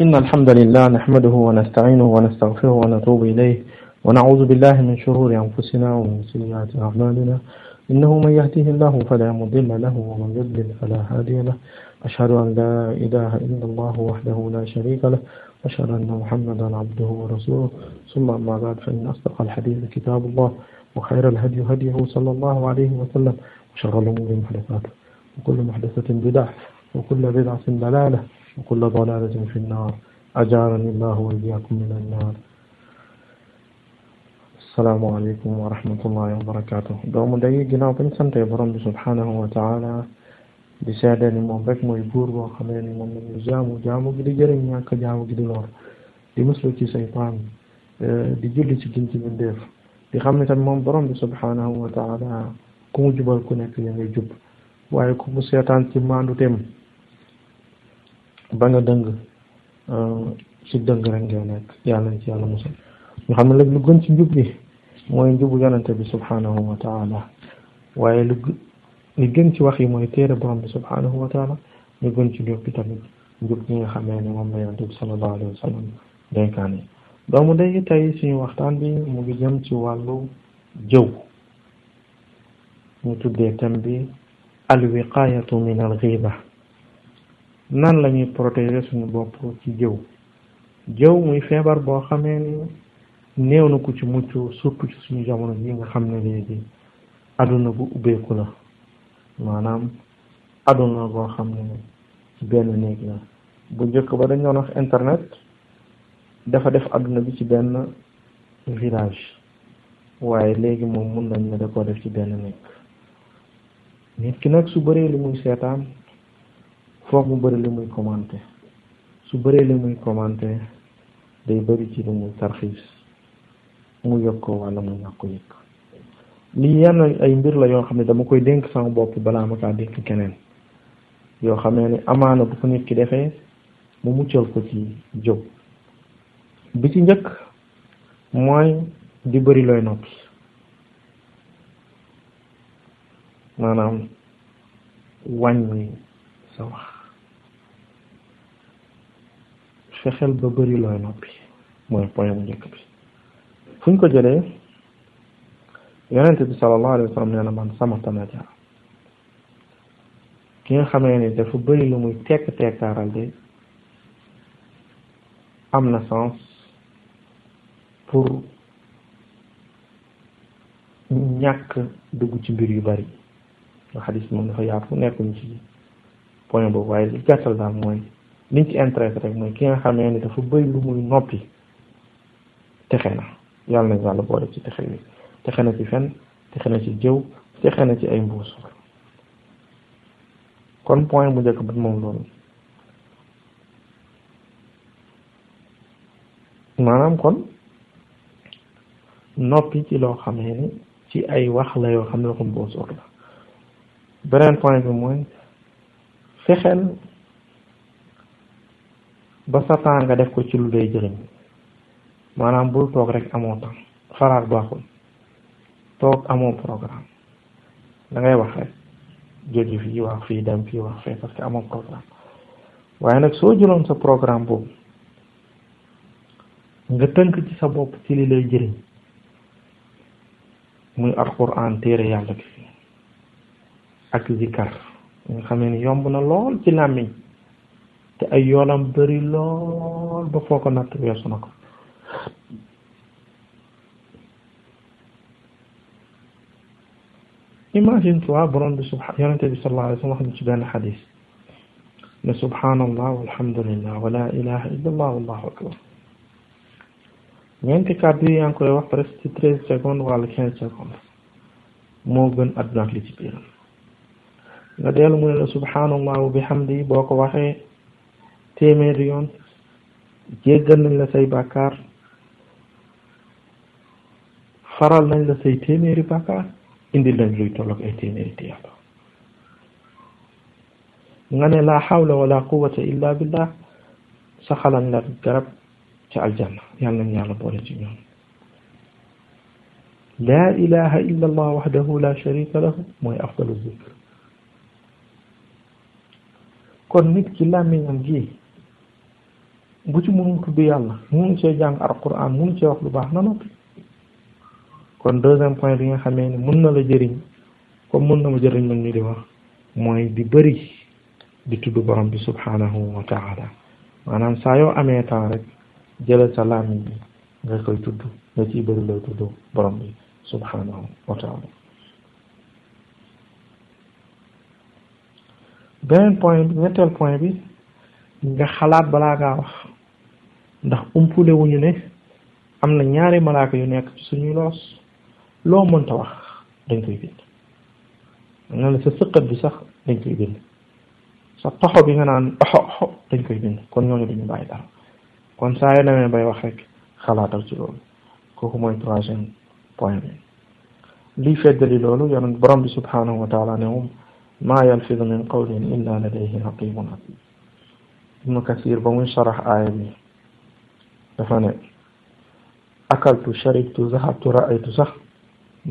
إن الحمد لله نحمده ونستعينه ونستغفره ونتوب إليه ونعوذ بالله من شرور أنفسنا ومن سيئات أعمالنا إنه من يهده الله فلا مضل له ومن يضلل فلا هادي له أشهد أن لا إله إلا الله وحده لا شريك له أشهد أن محمدا عبده ورسوله ثم أما بعد فإن أصدق الحديث كتاب الله وخير الهدي هديه صلى الله عليه وسلم وشر الأمور محدثاته وكل محدثة بدعة وكل بدعة ضلالة وكل ضلالة في النار أجعلني الله وإياكم من النار asalaamaaleykum wa rahmatullahi wa barakaatu doomu day ginnaaw bañ borom bi subhaanahu wa taala di seede ni moom rek mooy buur boo xamee ni moom lañu jaamu jaamu gi di jëriñ ñàkk jaamu gi di lor di muslu ci saytaan di julli ci gin ci bindeef di xam ne tamit moom borom bi subhaanahu wa taala ku mu jubal ku nekk ya ngay jub waaye ku mu seetaan ci maandu tem ba nga dëng si euh, dëng rek ngay nekk yàlla nañ ci yàlla musal ñu xam ne nag lu gën ci njub bi mooy njubu yonante bi subhanahu wa taala waaye lu gën ci wax yi mooy téere borom bi subhanahu wa gën ci njub bi tamit njub ñi nga xamee ne moom la yonante bi sallallahu alayhi wa sallam dénkaan yi suñu waxtaan bi mu ngi jëm ci wàllu mu ñu tuddee thème bi alwiqayatu min alxiiba nan la ñuy protéger suñu bopp ci jëw jëw muy feebar boo xamee ni néew na ku ci mucc surtout ci suñu jamono yi nga xam ne léegi aduna bu ubbeeku la maanaam aduna boo xam ne benn néeg la bu njëkk ba dañ doon wax internet dafa def àdduna bi ci benn village waaye léegi moom mun nañ la da koo def ci benn néeg nit ki nag su bëree li muy seetaan foog mu bari li muy commenté su bëree li muy commenté day bëri ci lu muy tarxiis mu yëg ko wala mu ñàkk ko yëg lii yenn ay mbir la yoo xam ne dama koy dénk sama bopp balaa ma kaa dénk keneen yoo xam ne ni amaana bu ko nit ki defee mu muccal ko ci jóg bi ci njëkk mooy di bëri looy noppi maanaam wàññi sa wax fexeel ba bëri looy noppi mooy point bu njëkk bi fu ñu ko jëlee yonent bi sallallahu alayhi wa sallam nee man sama tanaja ki nga xamee ni dafa bëri lu muy tekk tekkaaral de am na sens pour ñàkk dugg ci mbir yu bari nga xadis moom dafa yaatu nekkuñu ci point boobu waaye li gàttal mooy liñ ci intéressé rek mooy ki nga xam xamee ni dafa bëri lu muy noppi texe na yàlla nañ yàlla boole ci texe yi texe na ci fen texe na ci jëw texe na ci ay mbuus kon point bu njëkk bi moom loolu maanaam kon noppi ci loo xamee ni ci ay wax la yoo xam ne ko mbuus la beneen point bi mooy fexeel ba sa temps nga def ko ci lu lay jëriñ maanaam bul toog rek amoo temps xalaat baaxul toog amoo programme dangay ngay wax rek jóge fii wax fii dem fii wax fee parce que amoo programme waaye nag soo jëloon sa programme boobu nga tënk ci sa bopp ci li lay jëriñ muy alquran téere yàlla bi ak zikar nga xamee ni yomb na lool ci làmmiñ te ay yoonam bëri lool ba foo ko natt weesu na ko imagine toi borom bi subha bi sallallahu alayhi wa sallam wax na ci benn xadis ne subhanallah walhamdulillah wala ilaha illa allah wallahu akbar ñeenti kàddu yi yaa ngi koy wax presque ci treize secondes moo gën àdduna ak li ci biiram nga dellu mu ne la subhanallah téeméeri yoon jéggal nañ la say bàkkaar faral nañ la say téeméeri bàkkaar indi lañ luy tolloog ay téeméeri tiyaaba nga ne la xawla wala quwata illa billah saxalañ la garab ca aljanna yàlla nañ yàlla boole ci ñoom laa ilaha illa allah waxdahu la sharika lahu mooy afdalu zikr kon nit ki làmmiñam gi bu ci mënul tudd yàlla mënul cee jàng alquran mënul cee wax lu baax na noppi kon deuxième point bi nga xamee ne mën na la jëriñ comme mën na ma jëriñ man ñu di wax mooy di bëri di tudd borom bi subhanahu wa maanaam saa yoo amee temps rek jëlal sa làmmiñ bi nga xalaat balaa ngaa wax ndax umpule wuñu ne am na ñaari malaak yu nekk suñu suñuy loos loo mënta wax dañ koy bind na la sa sëqat bi sax dañ koy bind sa toxo bi nga naan oxo dañ koy bind kon ñooñu duñu bàyyi dara kon saa na demee bay wax rek xalaatal ci loolu kooku mooy troisième point bi lii feddali loolu yonent borom bi subhanahu wa taala ne moom maa yalfidu min qawlin illa ladayhi raqibun atid ibnu kasir ba muy sarax aaya bi dafa ne akaltu sharibtu zahabtu raaytu sax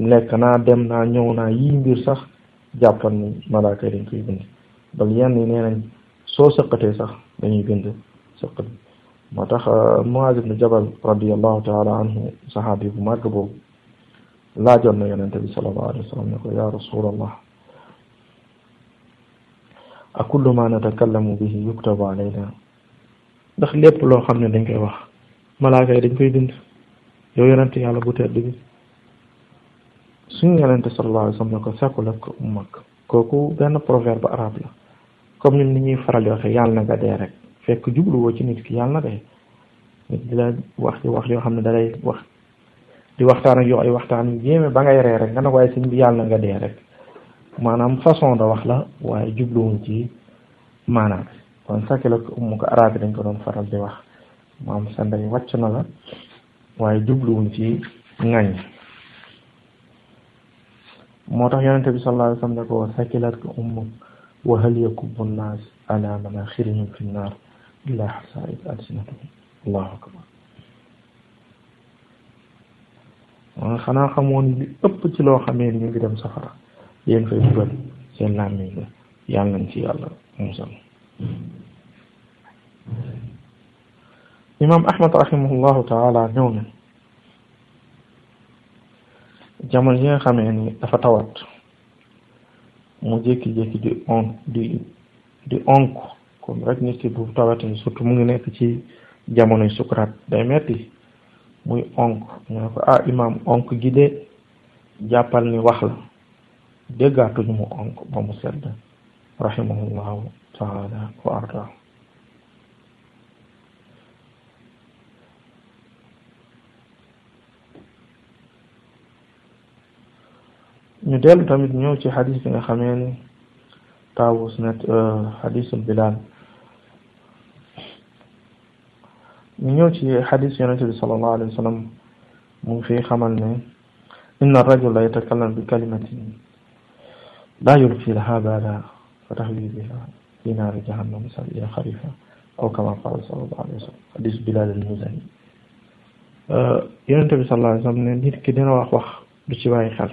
lekk naa dem naa ñëw naa yii mbir sax jàppal ni malaaka yi dañ koy bal yenn yi nee nañ soo sëqatee sax dañuy bind sëqat moo tax euh, Muaz ibn Jabal radiallahu taala sax saxaabi bu màgg boobu laajoon na yonente bi sallallahu alayhi wa ya rasulallah a kullu ma natakallamu bihi yuktabu alayna ndax lépp loo xam ne dañ koy malaaka yi dañ koy dind yow yonent yàlla bu tedd bi suñu yonent sallallahu alayhi wa sallam ne ko sakkulak kooku benn proverbe arabe la comme ñun ni ñuy faral di waxee yàlla na nga dee rek fekk jubluwoo ci nit ki yàlla na dee wax ci wax yoo xam ne da lay wax di waxtaan ak yoo ay waxtaan yu jéeme ba ngay ree rek nga ne waaye bi yàlla na nga dee rek maanaam façon de wax la waaye jubluwuñ ci maanaam kon sakkulak ko arabe dañ ko doon faral di wax. maam sa ndey wàcc na la waaye jubluwuñ ci ŋañ moo tax yonente bi sallallahu alayhi wa sallam ne ko sakilatka ummuk wa hal yakubbu nnaas ala manaxirihim fi nnaar illa xasaid alsinatihim allahu akbar xanaa xamoon li ëpp ci loo xamee ni ñu ngi dem safara yéen fay dugal seen làmmiñ la yàlla nañ ci yàlla musal imam ahmad rahimahullahu taala ñëw na jamono yi nga xamee ni dafa tawat mu jékki-jékki di on di di onk comme rek nit ki bu tawatee mu ngi nekk ci jamonoy sukuraat day metti muy onk ñu ne ah imam onk gi de jàppal ni wax la déggaatuñu mu onk ba mu sedd rahimahullahu taala wa arda ñu dellu tamit ñëw ci xadis bi nga xamee ni taawus net euh, xadisul Bilaal ñu ñëw ci xadis yonente bi sallallahu alayhi wa sallam mu ngi fi xamal ne inna rajula yatakallam bi kalimatin laa yulqiilahaa baalan fa tahwii bihaa fii naari jahannam sabiina xariifa aw kamaa qaala sallallahu alayhi wa sallam xadis Bilaal al-Muzani euh, yonente bi sallallahu alayhi wa sallam ne nit ki dina wax wax du ci bàyyi xel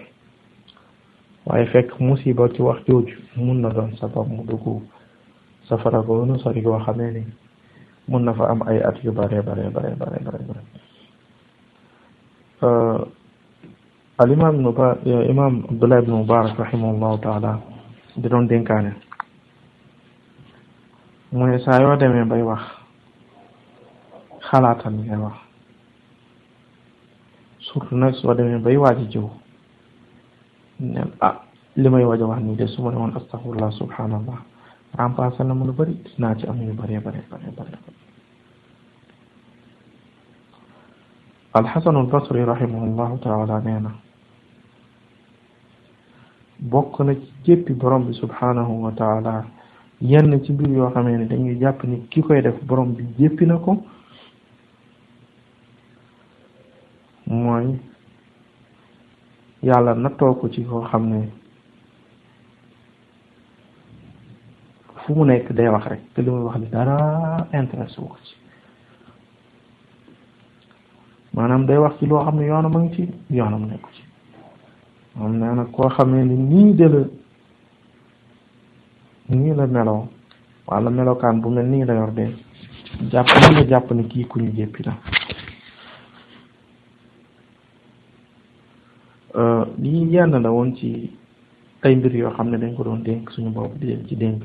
waaye fekk musiba ci wax jooju mun na doon sabab mu dugg safara goonu sori goo xamee ni mun na fa am ay at yu bare bare bare bare bare euh, al imam ibnu ba euh, imam Abdullah ibnu Mubarak rahimahullahu taala di doon dénkaane mu ne ay yoo demee bay wax xalaatal ngay wax surtout nag soo demee bay waaji jiw ne ah li may waaj a wax nii de su ma ne woon astaghfirullah subhanallah remplacé na mu lu bëri dinaa ci am yu bëree bëree bëree bëri alxasanu albasri rahimahullahu taala nee na bokk na ci jéppi borom bi subhanahu wa taala yenn ci mbir yoo xamee ne dañuy jàpp ni ki koy def borom bi jéppi na ko mooy yàlla nattoo ko ci koo xam ne fu mu nekk day wax rek te li wax li dara intéresse wu ko ci maanaam day wax ci loo xam ne yoonam a ngi ci yoonam nekku ci moom nee nag koo ne ni nii de la nii la meloo wala melokaan bu mel nii la yor de jàpp ni nga jàpp ni kii ku ñu jéppi Euh, lii yenn na woon ci ay mbir yoo xam ne dañ ko doon dénk suñu bopp di ci dénk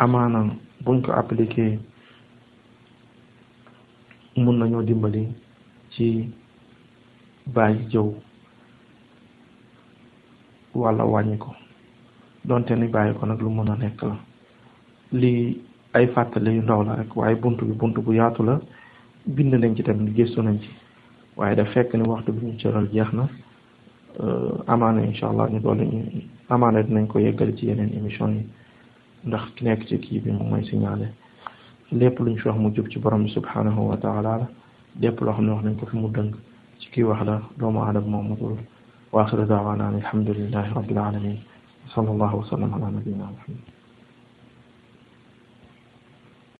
amaana buñ ko appliqué mun nañoo dimbali ci bàyyi jëw walla wàññi ko donte ni bàyyi ko nag lu mën a nekk la lii ay fàttali yu ndaw la rek waaye bunt bi bunt bu yaatu la bind nañ ci tamit gëstu nañ ci waaye daf fekk ni waxtu bi ñu cëral jeex na amaana incha allah ñu doole ñu amaana dinañ ko yeggali ci yeneen émission yi ndax ki nekk ci kii bi moom mooy signalé lépp luñ fi wax mu jub ci borom bi subhanahu wa taala la lépp loo xam ne wax nañ ko fi mu dëng ci kii wax la doomu aadama moom matul wa axiru daawaana alhamdulillahi rabbil alamin wa sallallahu wa sallam ala nabiyina muhammad